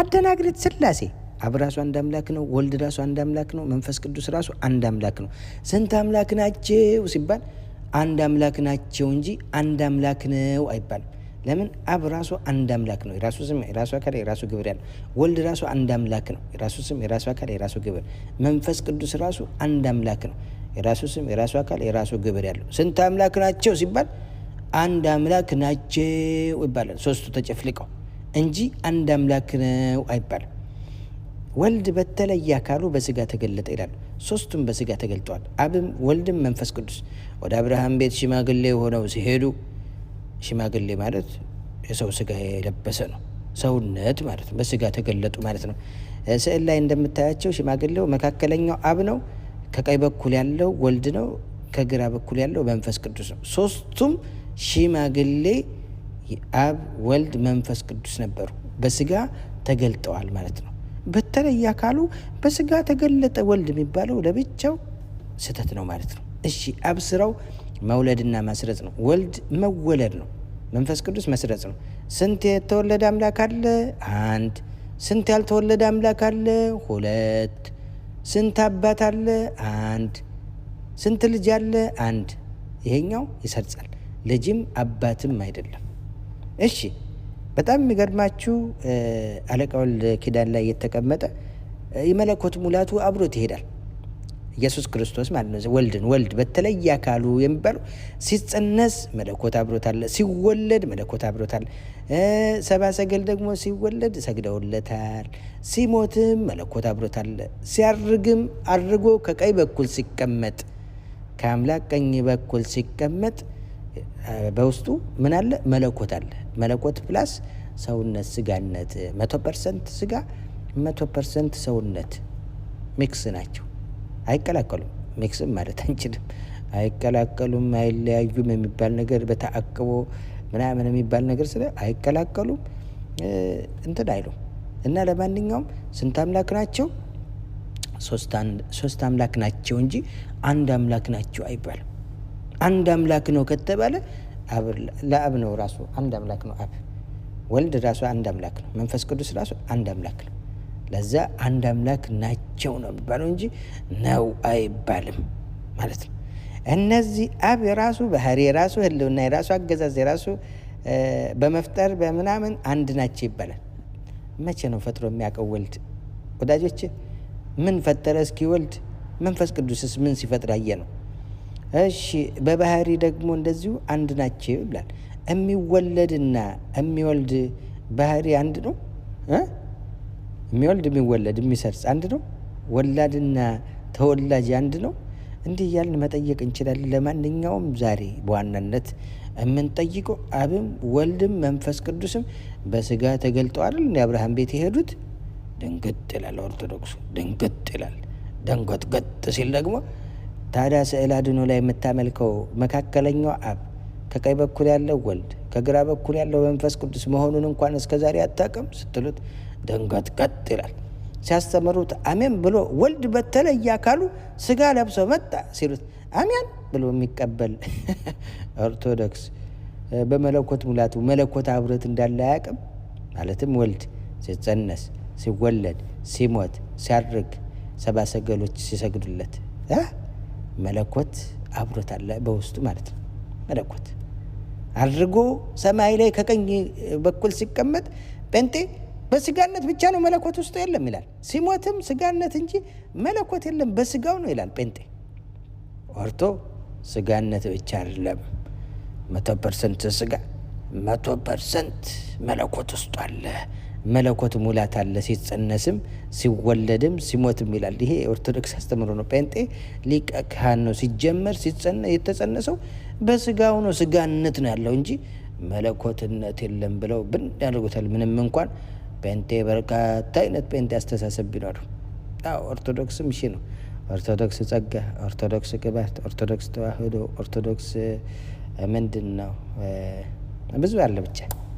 አደናግሪት ስላሴ አብ ራሱ አንድ አምላክ ነው። ወልድ ራሱ አንድ አምላክ ነው። መንፈስ ቅዱስ ራሱ አንድ አምላክ ነው። ስንት አምላክ ናቸው ሲባል አንድ አምላክ ናቸው እንጂ አንድ አምላክ ነው አይባልም። ለምን አብ ራሱ አንድ አምላክ ነው። የራሱ ስም፣ የራሱ አካል፣ የራሱ ግብር ያለው። ወልድ ራሱ አንድ አምላክ ነው። የራሱ ስም፣ የራሱ አካል፣ የራሱ ግብር። መንፈስ ቅዱስ ራሱ አንድ አምላክ ነው። የራሱ ስም፣ የራሱ አካል፣ የራሱ ግብር ያለው። ስንት አምላክ ናቸው ሲባል አንድ አምላክ ናቸው ይባላል። ሶስቱ ተጨፍልቀው እንጂ አንድ አምላክ ነው አይባልም። ወልድ በተለየ አካሉ በስጋ ተገለጠ ይላል። ሶስቱም በስጋ ተገልጠዋል። አብም ወልድም መንፈስ ቅዱስ ወደ አብርሃም ቤት ሽማግሌ ሆነው ሲሄዱ፣ ሽማግሌ ማለት የሰው ስጋ የለበሰ ነው፣ ሰውነት ማለት ነው። በስጋ ተገለጡ ማለት ነው። ስዕል ላይ እንደምታያቸው ሽማግሌው መካከለኛው አብ ነው፣ ከቀኝ በኩል ያለው ወልድ ነው፣ ከግራ በኩል ያለው መንፈስ ቅዱስ ነው። ሶስቱም ሽማግሌ አብ ወልድ መንፈስ ቅዱስ ነበሩ። በስጋ ተገልጠዋል ማለት ነው። በተለየ አካሉ በስጋ ተገለጠ ወልድ የሚባለው ለብቻው ስህተት ነው ማለት ነው። እሺ አብ ስራው መውለድና መስረጽ ነው። ወልድ መወለድ ነው። መንፈስ ቅዱስ መስረጽ ነው። ስንት የተወለደ አምላክ አለ? አንድ። ስንት ያልተወለደ አምላክ አለ? ሁለት። ስንት አባት አለ? አንድ። ስንት ልጅ አለ? አንድ። ይሄኛው ይሰርጻል። ልጅም አባትም አይደለም። እሺ በጣም የሚገርማችሁ አለቃ ወልደ ኪዳን ላይ የተቀመጠ የመለኮት ሙላቱ አብሮት ይሄዳል። ኢየሱስ ክርስቶስ ማለት ነው። ወልድን ወልድ በተለየ አካሉ የሚባሉ ሲጸነስ መለኮት አብሮት አለ፣ ሲወለድ መለኮት አብሮት አለ። ሰብአ ሰገል ደግሞ ሲወለድ ሰግደውለታል። ሲሞትም መለኮት አብሮት አለ። ሲያርግም አድርጎ ከቀኝ በኩል ሲቀመጥ ከአምላክ ቀኝ በኩል ሲቀመጥ በውስጡ ምን አለ? መለኮት አለ። መለኮት ፕላስ ሰውነት ስጋነት፣ መቶ ፐርሰንት ስጋ፣ መቶ ፐርሰንት ሰውነት ሚክስ ናቸው። አይቀላቀሉም። ሚክስም ማለት አንችልም። አይቀላቀሉም፣ አይለያዩም የሚባል ነገር በተአቅቦ ምናምን የሚባል ነገር ስለ አይቀላቀሉም እንትን አይሉም እና ለማንኛውም ስንት አምላክ ናቸው? ሶስት አምላክ ናቸው እንጂ አንድ አምላክ ናቸው አይባልም። አንድ አምላክ ነው ከተባለ ለአብ ነው ራሱ አንድ አምላክ ነው። አብ ወልድ ራሱ አንድ አምላክ ነው። መንፈስ ቅዱስ ራሱ አንድ አምላክ ነው። ለዛ አንድ አምላክ ናቸው ነው የሚባለው እንጂ ነው አይባልም ማለት ነው። እነዚህ አብ የራሱ ባህሪ፣ የራሱ ህልውና፣ የራሱ አገዛዝ፣ የራሱ በመፍጠር በምናምን አንድ ናቸው ይባላል። መቼ ነው ፈጥሮ የሚያውቀው ወልድ? ወዳጆች ምን ፈጠረ እስኪ ወልድ? መንፈስ ቅዱስስ ምን ሲፈጥር አየ ነው? እሺ በባህሪ ደግሞ እንደዚሁ አንድ ናቸው ይብላል። የሚወለድና የሚወልድ ባህሪ አንድ ነው። የሚወልድ የሚወለድ የሚሰርጽ አንድ ነው። ወላድና ተወላጅ አንድ ነው። እንዲህ እያልን መጠየቅ እንችላለን። ለማንኛውም ዛሬ በዋናነት የምንጠይቀው አብም ወልድም መንፈስ ቅዱስም በስጋ ተገልጠዋል። እንደ አብርሃም ቤት የሄዱት ድንግጥ ይላል። ኦርቶዶክሱ ድንግጥ ይላል። ደንገጥገጥ ሲል ደግሞ ታዲያ ስዕል አድኖ ላይ የምታመልከው መካከለኛው አብ ከቀኝ በኩል ያለው ወልድ ከግራ በኩል ያለው መንፈስ ቅዱስ መሆኑን እንኳን እስከዛሬ አታውቅም ስትሉት ደንገት ቀጥ ይላል። ሲያስተምሩት አሜን ብሎ ወልድ በተለየ አካሉ ስጋ ለብሶ መጣ ሲሉት አሜን ብሎ የሚቀበል ኦርቶዶክስ በመለኮት ሙላቱ መለኮት አብረት እንዳለ አያውቅም። ማለትም ወልድ ሲጸነስ፣ ሲወለድ፣ ሲሞት፣ ሲያርግ ሰባሰገሎች ሰገሎች ሲሰግዱለት መለኮት አብሮታል በውስጡ ማለት ነው። መለኮት አድርጎ ሰማይ ላይ ከቀኝ በኩል ሲቀመጥ ጴንጤ በስጋነት ብቻ ነው መለኮት ውስጡ የለም ይላል። ሲሞትም ስጋነት እንጂ መለኮት የለም በስጋው ነው ይላል ጴንጤ። ኦርቶ ስጋነት ብቻ አይደለም፣ መቶ ፐርሰንት ስጋ መቶ ፐርሰንት መለኮት ውስጡ አለ መለኮት ሙላት አለ። ሲጸነስም ሲወለድም ሲሞትም ይላል። ይሄ ኦርቶዶክስ አስተምሮ ነው። ጴንጤ ሊቀ ካህን ነው። ሲጀመር የተጸነሰው በስጋው ነው። ስጋነት ነው ያለው እንጂ መለኮትነት የለም ብለው ብን ያደርጉታል። ምንም እንኳን ጴንጤ በርካታ አይነት ጴንጤ አስተሳሰብ ቢኖሩ ኦርቶዶክስም እሺ ነው። ኦርቶዶክስ ጸጋ፣ ኦርቶዶክስ ቅባት፣ ኦርቶዶክስ ተዋህዶ፣ ኦርቶዶክስ ምንድን ነው ብዙ አለ ብቻ